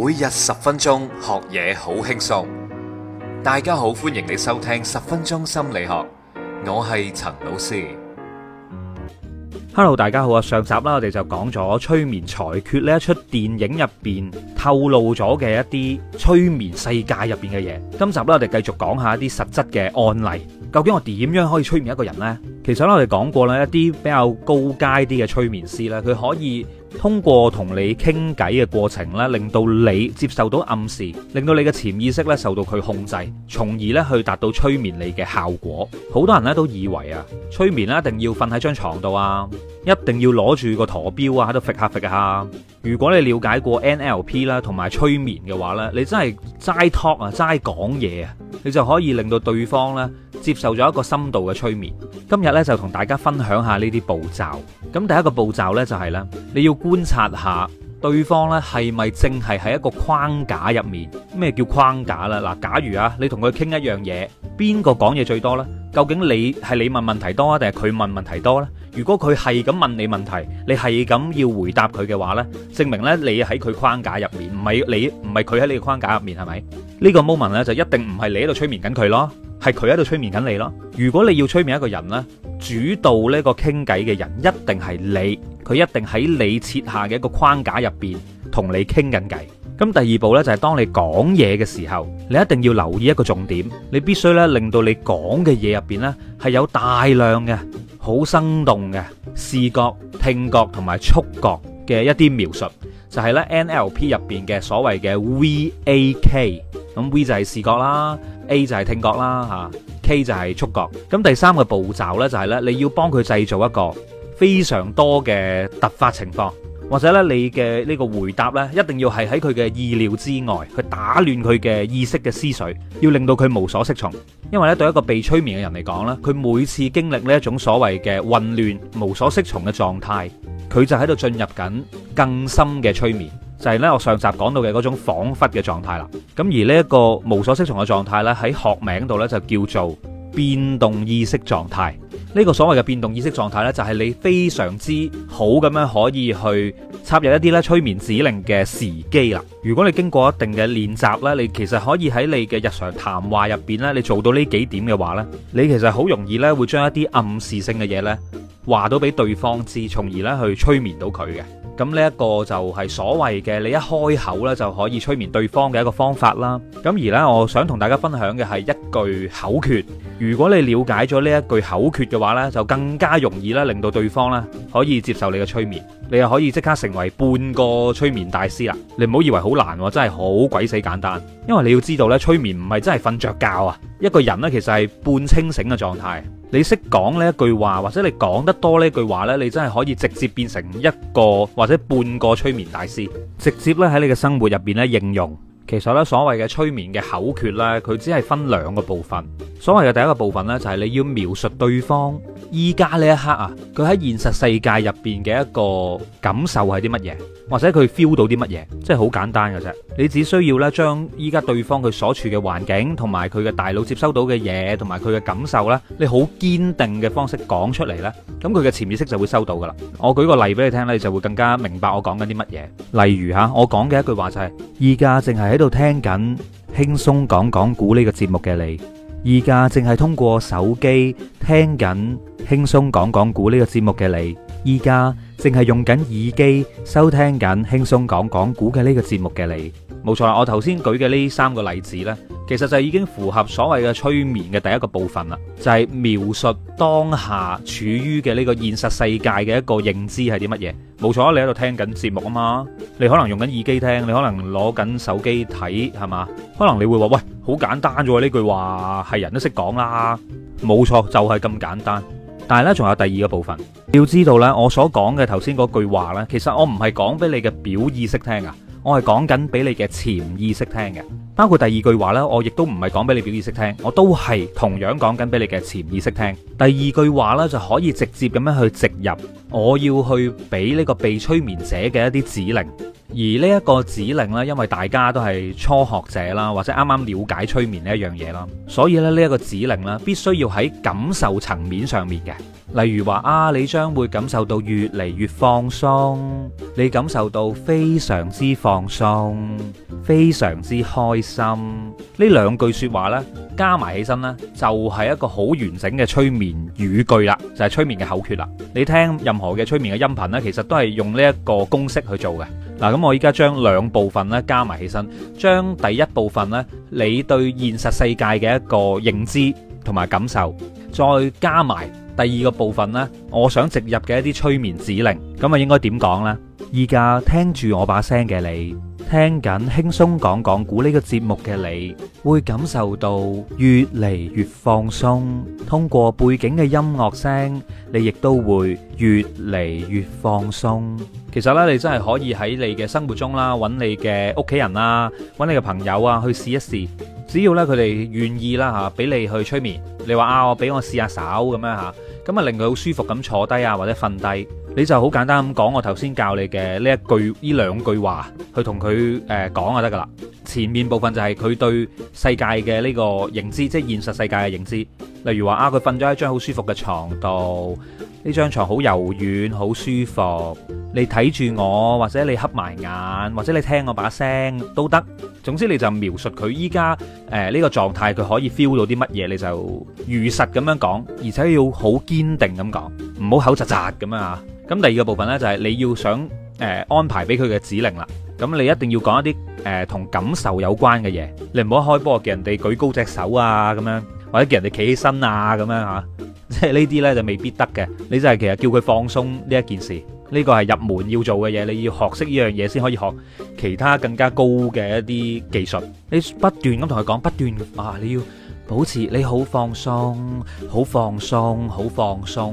每日十分鐘學嘢好輕鬆，大家好，歡迎你收聽十分鐘心理學，我係陳老師。Hello，大家好啊！上集啦，我哋就講咗催眠裁決呢一出電影入邊透露咗嘅一啲催眠世界入邊嘅嘢。今集咧，我哋繼續講下一啲實質嘅案例。究竟我點樣可以催眠一個人呢？其實咧，我哋講過咧，一啲比較高階啲嘅催眠師咧，佢可以。通過同你傾偈嘅過程咧，令到你接受到暗示，令到你嘅潛意識咧受到佢控制，從而咧去達到催眠你嘅效果。好多人咧都以為啊，催眠一定要瞓喺張床度啊，一定要攞住個陀標啊喺度揈下揈下揈下。如果你了解過 NLP 啦同埋催眠嘅話咧，你真係齋 talk 啊，齋講嘢啊！你就可以令到對方咧接受咗一個深度嘅催眠。今日咧就同大家分享下呢啲步驟。咁第一個步驟呢，就係咧，你要觀察下對方咧係咪淨係喺一個框架入面。咩叫框架啦？嗱，假如啊你同佢傾一樣嘢，邊個講嘢最多呢？究竟你係你問問題多啊，定係佢問問題多呢？如果佢係咁問你問題，你係咁要回答佢嘅話呢，證明咧你喺佢框架入面，唔係你唔係佢喺你嘅框架入面，係咪？呢個 moment 咧就一定唔係你喺度催眠緊佢咯，係佢喺度催眠緊你咯。如果你要催眠一個人呢，主導呢個傾偈嘅人一定係你，佢一定喺你設下嘅一個框架入邊同你傾緊偈。咁第二步呢，就係當你講嘢嘅時候，你一定要留意一個重點，你必須呢，令到你講嘅嘢入邊呢，係有大量嘅好生動嘅視覺、聽覺同埋觸覺。嘅一啲描述就係咧 NLP 入邊嘅所謂嘅 VAK，咁 V 就係視覺啦，A 就係聽覺啦嚇，K 就係觸覺。咁第三個步驟呢，就係咧，你要幫佢製造一個非常多嘅突發情況。或者咧，你嘅呢個回答咧，一定要係喺佢嘅意料之外，去打亂佢嘅意識嘅思緒，要令到佢無所適從。因為咧，對一個被催眠嘅人嚟講咧，佢每次經歷呢一種所謂嘅混亂、無所適從嘅狀態，佢就喺度進入緊更深嘅催眠，就係、是、咧我上集講到嘅嗰種恍惚嘅狀態啦。咁而呢一個無所適從嘅狀態咧，喺學名度呢就叫做。變動意識狀態，呢個所謂嘅變動意識狀態呢就係你非常之好咁樣可以去插入一啲咧催眠指令嘅時機啦。如果你經過一定嘅練習呢，你其實可以喺你嘅日常談話入邊呢，你做到呢幾點嘅話呢，你其實好容易呢會將一啲暗示性嘅嘢呢，話到俾對方自從而呢去催眠到佢嘅。咁呢一個就係所謂嘅你一開口呢，就可以催眠對方嘅一個方法啦。咁而呢，我想同大家分享嘅係一句口訣。如果你了解咗呢一句口訣嘅話呢，就更加容易啦，令到對方呢可以接受你嘅催眠，你又可以即刻成為半個催眠大師啦。你唔好以為好難，真係好鬼死簡單。因為你要知道呢，催眠唔係真係瞓着覺啊，一個人呢其實係半清醒嘅狀態。你識講呢一句話，或者你講得多呢句話呢，你真係可以直接變成一個或者半個催眠大師，直接咧喺你嘅生活入邊呢應用。其實呢，所謂嘅催眠嘅口訣呢，佢只係分兩個部分。所謂嘅第一個部分呢，就係你要描述對方依家呢一刻啊，佢喺現實世界入邊嘅一個感受係啲乜嘢？或者佢 feel 到啲乜嘢，即係好簡單嘅啫。你只需要咧將依家對方佢所處嘅環境，同埋佢嘅大腦接收到嘅嘢，同埋佢嘅感受咧，你好堅定嘅方式講出嚟咧，咁佢嘅潛意識就會收到噶啦。我舉個例俾你聽咧，你就會更加明白我講緊啲乜嘢。例如吓，我講嘅一句話就係：而家淨係喺度聽緊輕鬆講講股呢個節目嘅你，而家淨係通過手機聽緊輕鬆講講股呢個節目嘅你。依家淨係用緊耳機收聽緊輕鬆講講古嘅呢個節目嘅你，冇錯。我頭先舉嘅呢三個例子呢，其實就已經符合所謂嘅催眠嘅第一個部分啦，就係描述當下處於嘅呢個現實世界嘅一個認知係啲乜嘢。冇錯，你喺度聽緊節目啊嘛，你可能用緊耳機聽，你可能攞緊手機睇，係嘛？可能你會話喂，好簡單咋？呢句話係人都識講啦，冇錯，就係咁簡單。但係咧，仲有第二個部分。要知道咧，我所講嘅頭先嗰句話呢，其實我唔係講俾你嘅表意識聽啊，我係講緊俾你嘅潛意識聽嘅。包括第二句話呢，我亦都唔係講俾你表意識聽，我都係同樣講緊俾你嘅潛意識聽。第二句話呢，就可以直接咁樣去植入，我要去俾呢個被催眠者嘅一啲指令。而呢一個指令呢，因為大家都係初學者啦，或者啱啱了解催眠呢一樣嘢啦，所以咧呢一個指令呢，必須要喺感受層面上面嘅。例如話啊，你將會感受到越嚟越放鬆，你感受到非常之放鬆，非常之開心。呢兩句說話呢，加埋起身呢，就係一個好完整嘅催眠語句啦，就係催眠嘅口訣啦。你聽任何嘅催眠嘅音頻呢，其實都係用呢一個公式去做嘅。嗱，咁我依家將兩部分咧加埋起身，將第一部分咧，你對現實世界嘅一個認知同埋感受，再加埋第二個部分咧，我想植入嘅一啲催眠指令，咁啊應該點講呢？依家聽住我把聲嘅你。聽緊輕鬆講港股呢個節目嘅你，會感受到越嚟越放鬆。通過背景嘅音樂聲，你亦都會越嚟越放鬆。其實呢，你真係可以喺你嘅生活中啦，揾你嘅屋企人啦，揾你嘅朋友啊，去試一試。只要呢佢哋願意啦吓，俾你去催眠。你話啊，我俾我試下手咁樣吓，咁啊令佢好舒服咁坐低啊，或者瞓低。你就好簡單咁講，我頭先教你嘅呢一句，呢兩句話去同佢誒講就得噶啦。前面部分就係佢對世界嘅呢個認知，即係現實世界嘅認知。例如話啊，佢瞓咗喺張好舒服嘅床度，呢張床好柔軟，好舒服。你睇住我，或者你合埋眼，或者你聽我把聲都得。總之你就描述佢依家誒呢個狀態，佢可以 feel 到啲乜嘢，你就如實咁樣講，而且要好堅定咁講，唔好口窒窒咁樣吓。咁第二個部分呢，就係、是、你要想誒、呃、安排俾佢嘅指令啦，咁你一定要講一啲誒同感受有關嘅嘢，你唔好開波，叫人哋舉高隻手啊咁樣，或者叫人哋企起身啊咁樣嚇，即係呢啲呢，就未必得嘅。你就係其實叫佢放鬆呢一件事，呢、這個係入門要做嘅嘢，你要學識呢樣嘢先可以學其他更加高嘅一啲技術。你不斷咁同佢講，不斷啊你要。保持你好放鬆，好放鬆，好放鬆。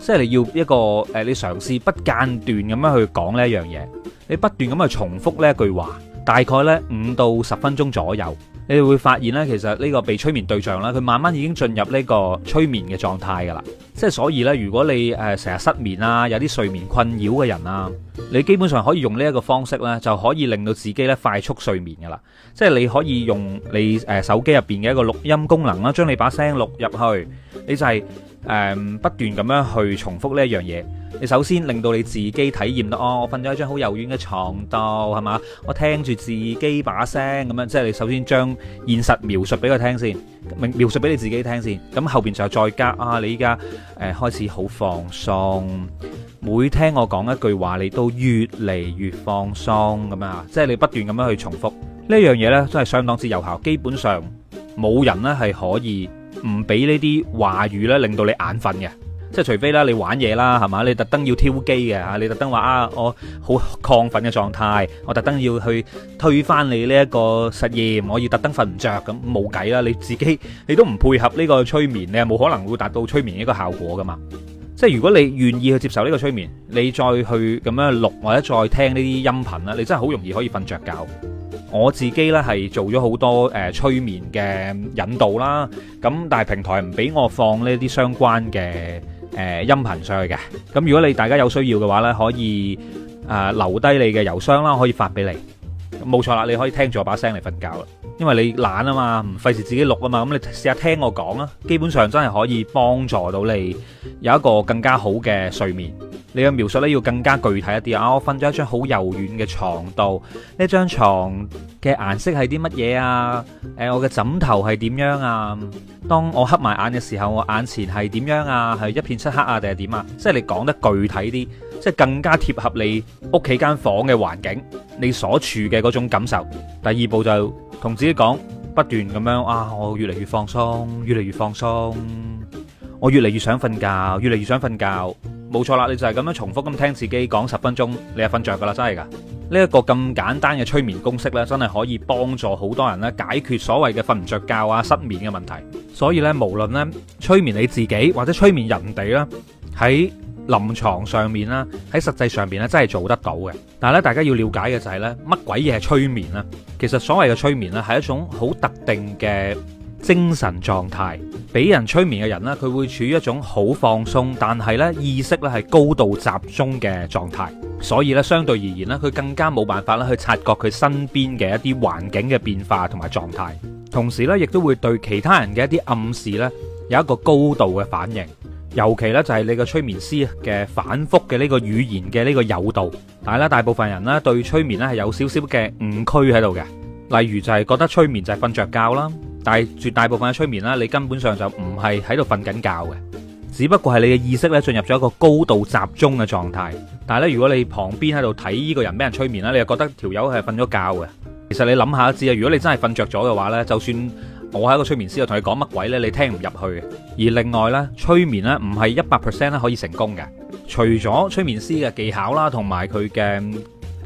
即係你要一個誒，你嘗試不間斷咁樣去講呢一樣嘢，你不斷咁去重複呢一句話，大概呢五到十分鐘左右，你會發現呢，其實呢個被催眠對象呢，佢慢慢已經進入呢個催眠嘅狀態噶啦。即係所以呢，如果你誒成日失眠啊，有啲睡眠困擾嘅人啊，你基本上可以用呢一個方式呢，就可以令到自己呢快速睡眠噶啦。即係你可以用你誒、呃、手機入邊嘅一個錄音功能啦、啊，將你把聲錄入去，你就係、是、誒、呃、不斷咁樣去重複呢一樣嘢。你首先令到你自己體驗得哦，我瞓咗一張好柔軟嘅床度，係嘛？我聽住自己把聲咁樣，即係你首先將現實描述俾佢聽先，描述俾你自己聽先。咁後邊就再加啊，你依家。誒，開始好放鬆，每聽我講一句話，你都越嚟越放鬆咁樣。即係你不斷咁樣去重複呢樣嘢呢，都係相當之有效。基本上冇人呢係可以唔俾呢啲話語呢令到你眼瞓嘅。即係除非啦，你玩嘢啦，係嘛？你特登要挑機嘅嚇，你特登話啊，我好亢奮嘅狀態，我特登要去推翻你呢一個實驗，我要特登瞓唔着，咁冇計啦！你自己你都唔配合呢個催眠，你係冇可能會達到催眠呢個效果噶嘛。即係如果你願意去接受呢個催眠，你再去咁樣錄或者再聽呢啲音頻啦，你真係好容易可以瞓着覺。我自己呢係做咗好多誒催眠嘅引導啦，咁但係平台唔俾我放呢啲相關嘅。誒，音頻上去嘅，咁如果你大家有需要嘅話呢，可以誒留低你嘅郵箱啦，可以發俾你，冇錯啦，你可以聽住我把聲嚟瞓覺啦，因為你懶啊嘛，唔費事自己錄啊嘛，咁你試下聽我講啦，基本上真係可以幫助到你有一個更加好嘅睡眠。你嘅描述咧要更加具體一啲啊！我瞓咗一張好柔軟嘅床度，呢張床嘅顏色係啲乜嘢啊？誒、呃，我嘅枕頭係點樣啊？當我黑埋眼嘅時候，我眼前係點樣啊？係一片漆黑啊，定係點啊？即係你講得具體啲，即係更加貼合你屋企間房嘅環境，你所處嘅嗰種感受。第二步就同、是、自己講，不斷咁樣啊！我越嚟越放鬆，越嚟越放鬆，我越嚟越想瞓覺，越嚟越想瞓覺。冇錯啦，你就係咁樣重複咁聽自己講十分鐘，你就瞓着噶啦，真係噶。呢一個咁簡單嘅催眠公式呢，真係可以幫助好多人咧解決所謂嘅瞓唔着覺啊、失眠嘅問題。所以呢，無論呢，催眠你自己或者催眠人哋啦，喺臨床上面啦、喺實際上面咧，真係做得到嘅。但係咧，大家要了解嘅就係呢，乜鬼嘢係催眠咧？其實所謂嘅催眠呢，係一種好特定嘅。精神狀態俾人催眠嘅人呢佢會處於一種好放鬆，但係咧意識咧係高度集中嘅狀態。所以呢，相對而言呢佢更加冇辦法咧去察覺佢身邊嘅一啲環境嘅變化同埋狀態。同時呢，亦都會對其他人嘅一啲暗示呢有一個高度嘅反應。尤其呢就係你個催眠師嘅反覆嘅呢個語言嘅呢個誘導。但係咧，大部分人呢對催眠呢係有少少嘅誤區喺度嘅，例如就係覺得催眠就係瞓着覺啦。但係絕大部分嘅催眠啦，你根本上就唔係喺度瞓緊覺嘅，只不過係你嘅意識咧進入咗一個高度集中嘅狀態。但係咧，如果你旁邊喺度睇呢個人俾人催眠啦，你又覺得條友係瞓咗覺嘅。其實你諗下就知啊，如果你真係瞓着咗嘅話咧，就算我係一個催眠師，我同你講乜鬼咧，你聽唔入去。而另外咧，催眠咧唔係一百 percent 咧可以成功嘅，除咗催眠師嘅技巧啦，同埋佢嘅，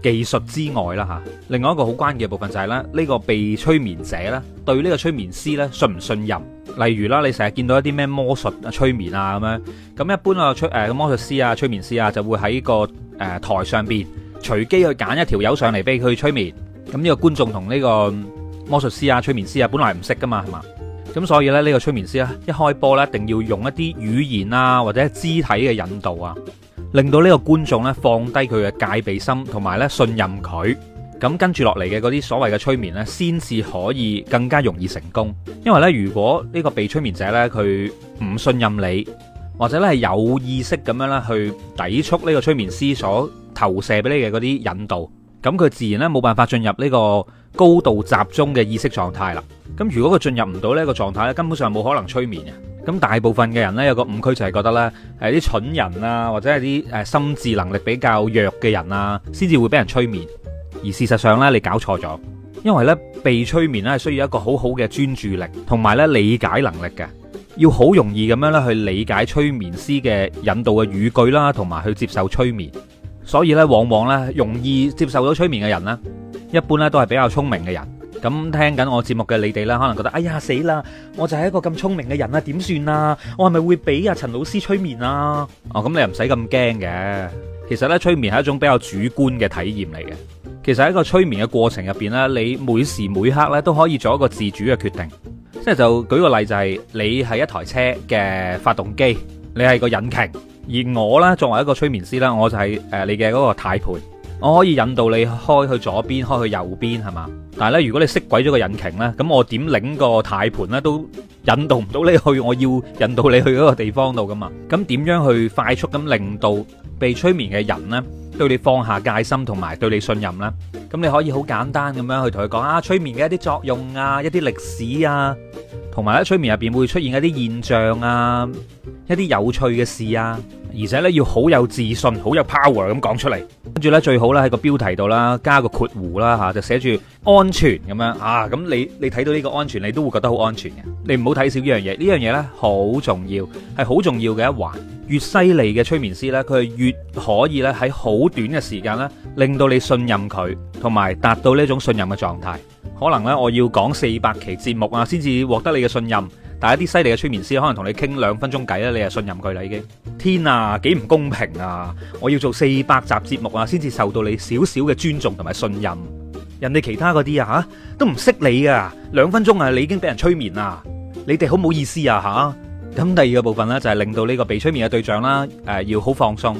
技術之外啦嚇，另外一個好關鍵嘅部分就係咧，呢個被催眠者呢對呢個催眠師呢，信唔信任。例如啦，你成日見到一啲咩魔術啊、催眠啊咁樣，咁一般啊催誒魔術師啊、催眠師啊就會喺個誒台上邊隨機去揀一條友上嚟俾佢催眠。咁呢個觀眾同呢個魔術師啊、催眠師啊本來唔識噶嘛，係嘛？咁所以呢，呢個催眠師啊一開波咧一定要用一啲語言啊或者肢體嘅引導啊。令到呢個觀眾咧放低佢嘅戒備心，同埋咧信任佢，咁跟住落嚟嘅嗰啲所謂嘅催眠咧，先至可以更加容易成功。因為咧，如果呢個被催眠者咧佢唔信任你，或者咧係有意識咁樣咧去抵觸呢個催眠師所投射俾你嘅嗰啲引導，咁佢自然咧冇辦法進入呢個高度集中嘅意識狀態啦。咁如果佢進入唔到呢個狀態咧，根本上冇可能催眠嘅。咁大部分嘅人呢，有個誤區就係覺得呢係啲蠢人啊，或者係啲誒心智能力比較弱嘅人啊，先至會俾人催眠。而事實上呢，你搞錯咗，因為呢被催眠呢係需要一個好好嘅專注力，同埋呢理解能力嘅，要好容易咁樣呢去理解催眠師嘅引導嘅語句啦，同埋去接受催眠。所以呢，往往呢容易接受到催眠嘅人呢，一般呢都係比較聰明嘅人。咁聽緊我節目嘅你哋啦，可能覺得哎呀死啦，我就係一個咁聰明嘅人啊，點算啊？我係咪會俾阿陳老師催眠啊？哦，咁你唔使咁驚嘅。其實呢，催眠係一種比較主觀嘅體驗嚟嘅。其實喺個催眠嘅過程入邊呢，你每時每刻呢都可以做一個自主嘅決定。即係就舉個例就係，你係一台車嘅發動機，你係個引擎，而我呢，作為一個催眠師啦，我就係誒你嘅嗰個軚盤。我可以引導你開去左邊，開去右邊，係嘛？但係咧，如果你熄鬼咗個引擎咧，咁我點擰個軚盤咧，都引導唔到你去，我要引導你去嗰個地方度噶嘛？咁點樣去快速咁令到被催眠嘅人咧，對你放下戒心同埋對你信任咧？咁你可以好簡單咁樣去同佢講啊，催眠嘅一啲作用啊，一啲歷史啊。同埋咧，催眠入邊會出現一啲現象啊，一啲有趣嘅事啊，而且呢，要好有自信、好有 power 咁講出嚟，跟住呢，最好咧喺個標題度啦，加個括弧啦吓，啊，就寫住安全咁樣啊，咁，啊嗯，你你睇到呢個安全，你都會覺得好安全嘅。你唔好睇少呢樣嘢，呢樣嘢呢，好重要，係好重要嘅一環。越犀利嘅催眠師呢，佢係越可以咧喺好短嘅時間呢，令到你信任佢，同埋達到呢種信任嘅狀態。可能咧，我要講四百期節目啊，先至獲得你嘅信任。但係一啲犀利嘅催眠師，可能同你傾兩分鐘偈咧，你就信任佢啦已經。天啊，幾唔公平啊！我要做四百集節目啊，先至受到你少少嘅尊重同埋信任。人哋其他嗰啲啊，吓都唔識你啊，兩分鐘啊，你已經俾人催眠啦！你哋好唔好意思啊，吓、啊？咁第二個部分呢，就係、是、令到呢個被催眠嘅對象啦，誒、啊，要好放鬆。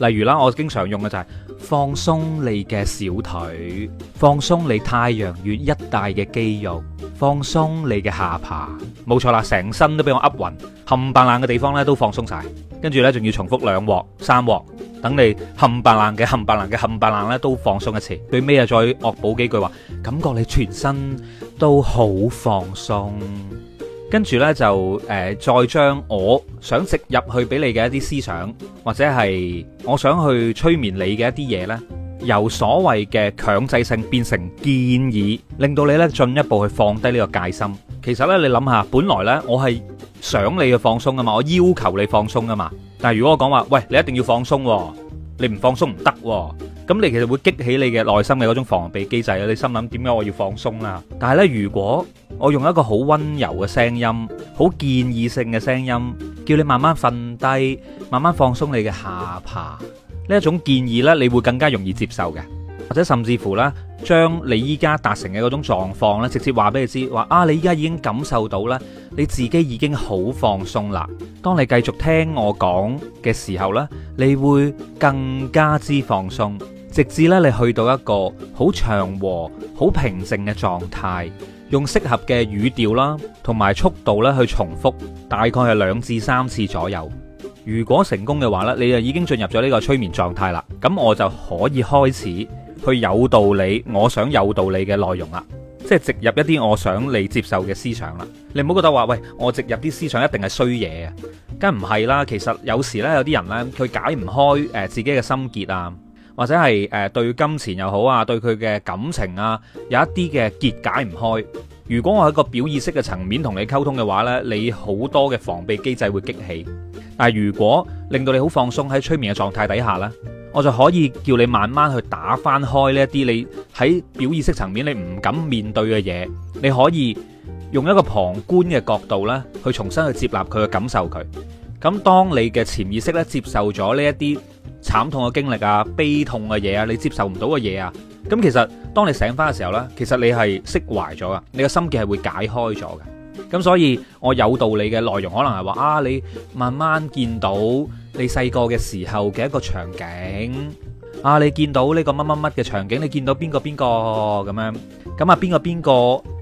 例如啦，我經常用嘅就係、是。放鬆你嘅小腿，放鬆你太陽穴一帶嘅肌肉，放鬆你嘅下巴。冇錯啦，成身都俾我噏勻，冚唪唥嘅地方咧都放鬆晒，跟住呢，仲要重複兩鑊、三鑊，等你冚唪唥嘅、冚唪唥嘅、冚唪唥呢，都放鬆一次，最尾啊再惡補幾句話，感覺你全身都好放鬆。跟住呢，就誒、呃，再將我想植入去俾你嘅一啲思想，或者係我想去催眠你嘅一啲嘢呢，由所謂嘅強制性變成建議，令到你呢進一步去放低呢個戒心。其實呢，你諗下，本來呢，我係想你去放鬆啊嘛，我要求你放鬆啊嘛。但係如果我講話，喂，你一定要放鬆喎，你唔放鬆唔得。咁你其實會激起你嘅內心嘅嗰種防備機制咯，你心諗點解我要放鬆啦？但係咧，如果我用一個好溫柔嘅聲音，好建議性嘅聲音，叫你慢慢瞓低，慢慢放鬆你嘅下巴，呢一種建議呢，你會更加容易接受嘅。或者甚至乎呢，將你依家達成嘅嗰種狀況咧，直接話俾你知，話啊，你依家已經感受到咧，你自己已經好放鬆啦。當你繼續聽我講嘅時候呢，你會更加之放鬆。直至咧，你去到一個好祥和、好平靜嘅狀態，用適合嘅語調啦，同埋速度咧去重複，大概係兩至三次左右。如果成功嘅話咧，你就已經進入咗呢個催眠狀態啦。咁我就可以開始去有道理，我想有道理嘅內容啦，即係植入一啲我想你接受嘅思想啦。你唔好覺得話，喂，我植入啲思想一定係衰嘢啊，梗唔係啦。其實有時呢，有啲人呢，佢解唔開誒自己嘅心結啊。或者係誒對金錢又好啊，對佢嘅感情啊，有一啲嘅結解唔開。如果我喺個表意識嘅層面同你溝通嘅話呢，你好多嘅防備機制，會激起。但如果令到你好放鬆喺催眠嘅狀態底下呢，我就可以叫你慢慢去打翻開呢一啲你喺表意識層面你唔敢面對嘅嘢。你可以用一個旁觀嘅角度呢，去重新去接納佢嘅感受佢。咁當你嘅潛意識呢，接受咗呢一啲慘痛嘅經歷啊，悲痛嘅嘢啊，你接受唔到嘅嘢啊，咁其實當你醒返嘅時候呢，其實你係釋懷咗啊，你嘅心結係會解開咗嘅。咁所以我有道理嘅內容可能係話啊，你慢慢見到你細個嘅時候嘅一個場景。啊！你見到呢個乜乜乜嘅場景，你見到邊個邊個咁樣？咁啊邊個邊個？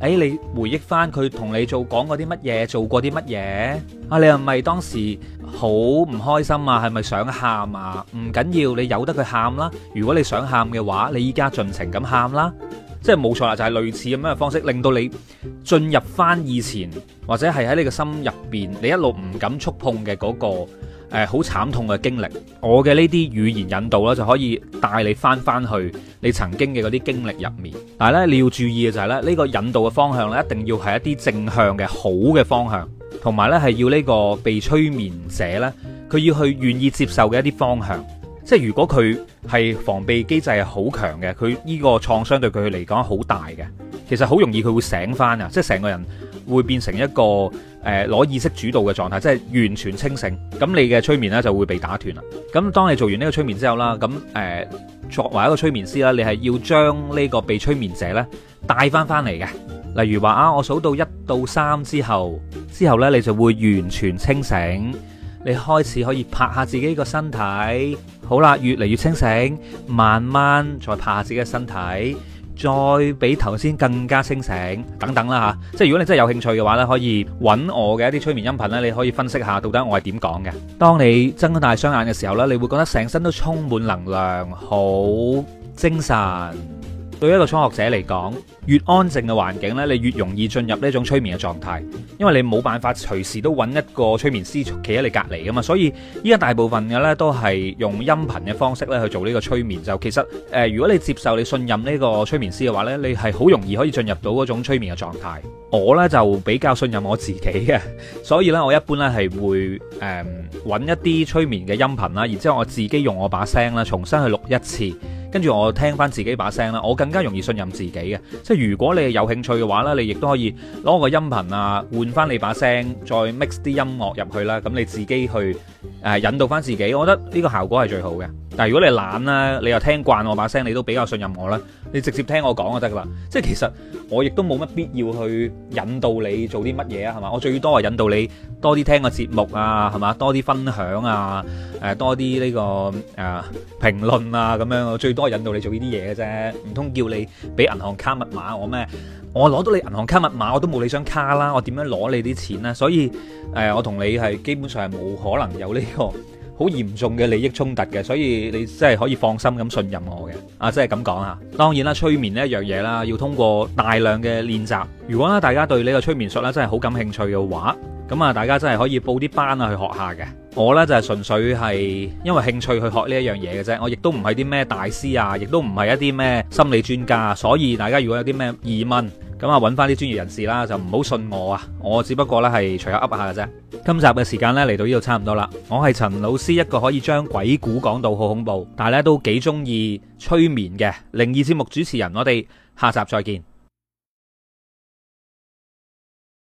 誒，你回憶翻佢同你做講過啲乜嘢，做過啲乜嘢？啊！你係咪當時好唔開心啊？係咪想喊啊？唔緊要，你由得佢喊啦。如果你想喊嘅話，你依家盡情咁喊啦。即係冇錯啦，就係類似咁樣嘅方式，令到你進入翻以前，或者係喺你個心入邊，你一路唔敢觸碰嘅嗰個。誒好慘痛嘅經歷，我嘅呢啲語言引導啦，就可以帶你翻翻去你曾經嘅嗰啲經歷入面。但係咧，你要注意嘅就係咧，呢個引導嘅方向咧，一定要係一啲正向嘅好嘅方向，同埋咧係要呢個被催眠者咧，佢要去願意接受嘅一啲方向。即係如果佢係防備機制係好強嘅，佢呢個創傷對佢嚟講好大嘅，其實好容易佢會醒翻啊！即係成個人。會變成一個誒攞，意識主導嘅狀態，即係完全清醒。咁你嘅催眠呢就會被打斷啦。咁當你做完呢個催眠之後啦，咁誒、呃、作為一個催眠師啦，你係要將呢個被催眠者呢帶翻翻嚟嘅。例如話啊，我數到一到三之後，之後呢，你就會完全清醒，你開始可以拍下自己個身體。好啦，越嚟越清醒，慢慢再拍下自己嘅身體。再比頭先更加清醒，等等啦吓，即係如果你真係有興趣嘅話呢，可以揾我嘅一啲催眠音頻呢，你可以分析下到底我係點講嘅。當你睜開大雙眼嘅時候呢，你會覺得成身都充滿能量，好精神。對一個初學者嚟講，越安靜嘅環境呢，你越容易進入呢種催眠嘅狀態，因為你冇辦法隨時都揾一個催眠師企喺你隔籬噶嘛，所以依家大部分嘅呢都係用音頻嘅方式呢去做呢個催眠。就其實誒、呃，如果你接受你信任呢個催眠師嘅話呢，你係好容易可以進入到嗰種催眠嘅狀態。我呢就比較信任我自己嘅，所以呢我一般呢係會誒揾、呃、一啲催眠嘅音頻啦，然之後我自己用我把聲啦，重新去錄一次。跟住我聽翻自己把聲啦，我更加容易信任自己嘅。即係如果你係有興趣嘅話呢，你亦都可以攞個音頻啊，換翻你把聲，再 mix 啲音樂入去啦。咁你自己去。誒，引導翻自己，我覺得呢個效果係最好嘅。但係如果你懶啦，你又聽慣我把聲，你都比較信任我啦，你直接聽我講就得啦。即係其實我亦都冇乜必要去引導你做啲乜嘢啊，係嘛？我最多係引導你多啲聽個節目啊，係嘛？多啲分享啊，誒，這個，多啲呢個誒評論啊，咁樣我最多係引導你做呢啲嘢嘅啫，唔通叫你俾銀行卡密碼我咩？我攞到你銀行卡密碼，我都冇你張卡啦，我點樣攞你啲錢呢？所以誒、呃，我同你係基本上係冇可能有呢個好嚴重嘅利益衝突嘅，所以你真係可以放心咁信任我嘅，啊，真係咁講啊，當然啦，催眠呢一樣嘢啦，要通過大量嘅練習。如果咧大家對呢個催眠術咧真係好感興趣嘅話，咁啊，大家真係可以報啲班啊，去學下嘅。我呢就係純粹係因為興趣去學呢一樣嘢嘅啫。我亦都唔係啲咩大師啊，亦都唔係一啲咩心理專家啊。所以大家如果有啲咩疑問，咁啊揾翻啲專業人士啦，就唔好信我啊。我只不過咧係隨口噏下嘅啫。今集嘅時間咧嚟到呢度差唔多啦。我係陳老師，一個可以將鬼故講到好恐怖，但係咧都幾中意催眠嘅靈異節目主持人。我哋下集再見。